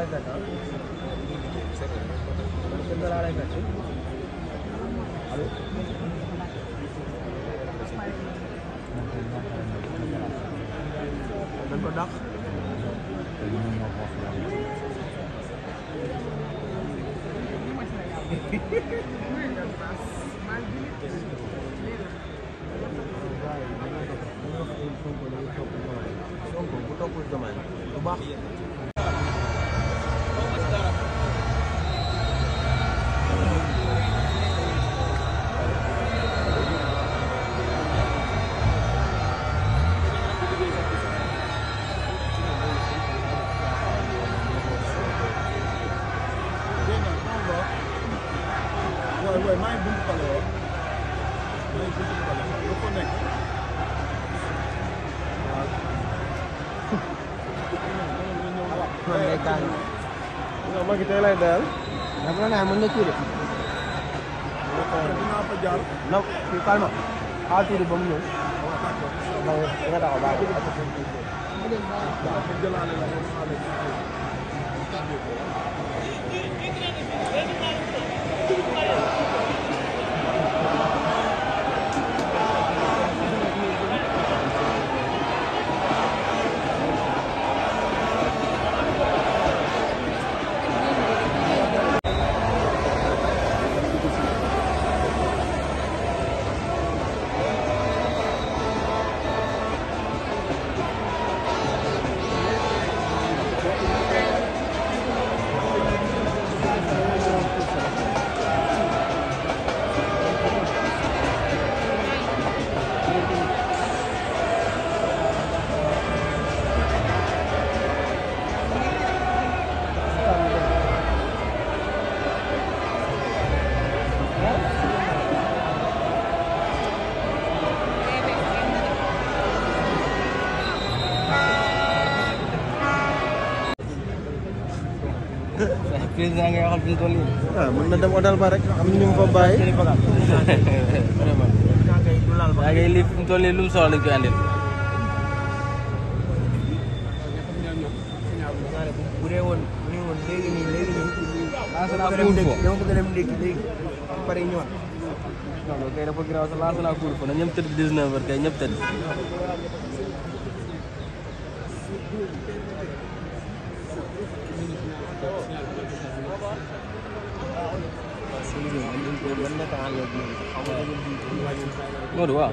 రూపాయల దాకా కింద రాడైనట్టు అనుకుంటా Son con puto puto man. Tú vas. man day kaan. non Maguette tey lay dayal. dafa la neex ah, mën na kii de. dinaa fa jaar. non fii calme. xaal tuuti ba mu ñëw. nga taxaw baax na. président ngay waxal fi mu toll nii. waaw mën na dem odal ba rek am ñu ah, ko bàyyi. vraiment. yaa ngi lii fi mu toll nii lu mu soxla lañ koy andil. bu dee woon bu dee woon léegi nii léegi nii. laasana kuul fo dama bëgg a dem léegi léegi pare ñëwaat. non non kay dafa giraaw sa laasana kuul fo na ñëpp tëdd 19 heures kay ñëpp tëdd. Modou waaw.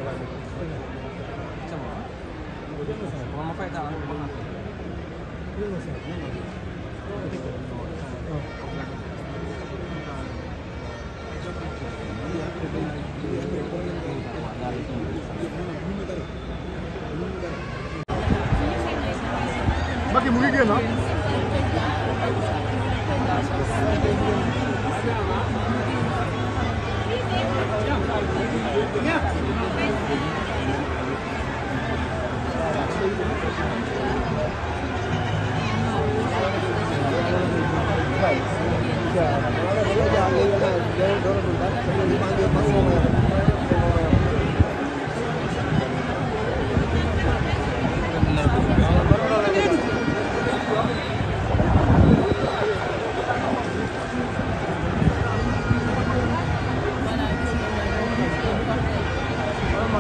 Macky mu ngi génn Yeah.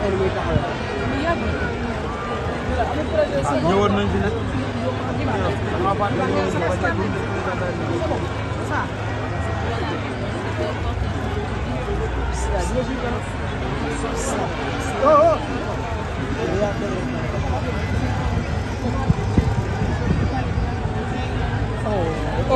heure muy taxaw. lu yàgg. ñëwoon nañ fi nag. Oh, oh. oh.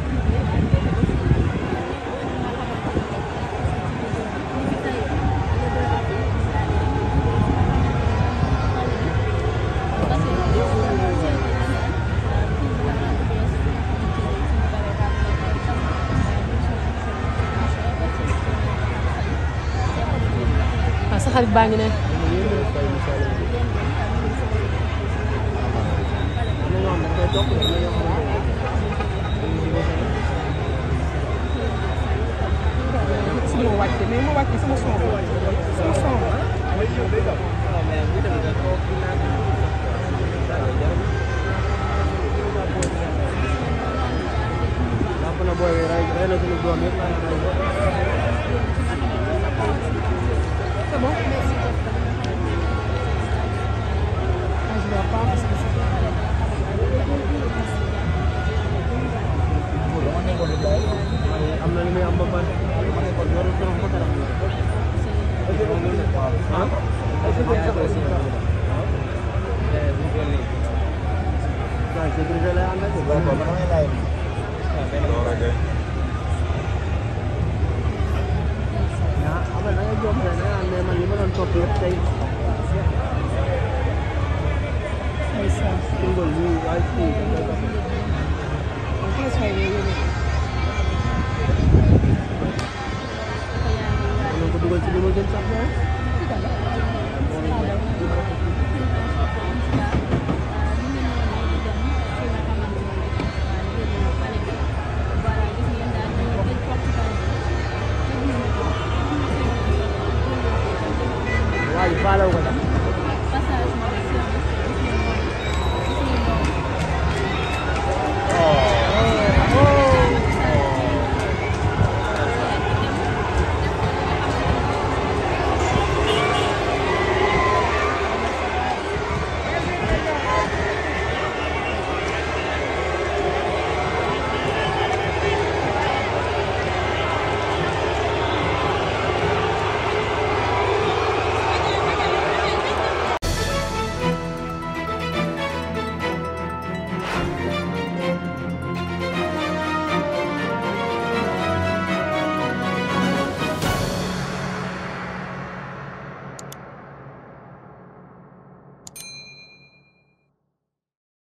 sa xarit baa ngi ne sama wàcce mais ma wàcce sama son sama son na booy rey na suñu doom yëpp Tá bom? Mas meu pau, você am na lu muy am ba pare. ah. waaw c' est vrai que lay àndal. birthday. Nice. Kimberly, I think. That's why we're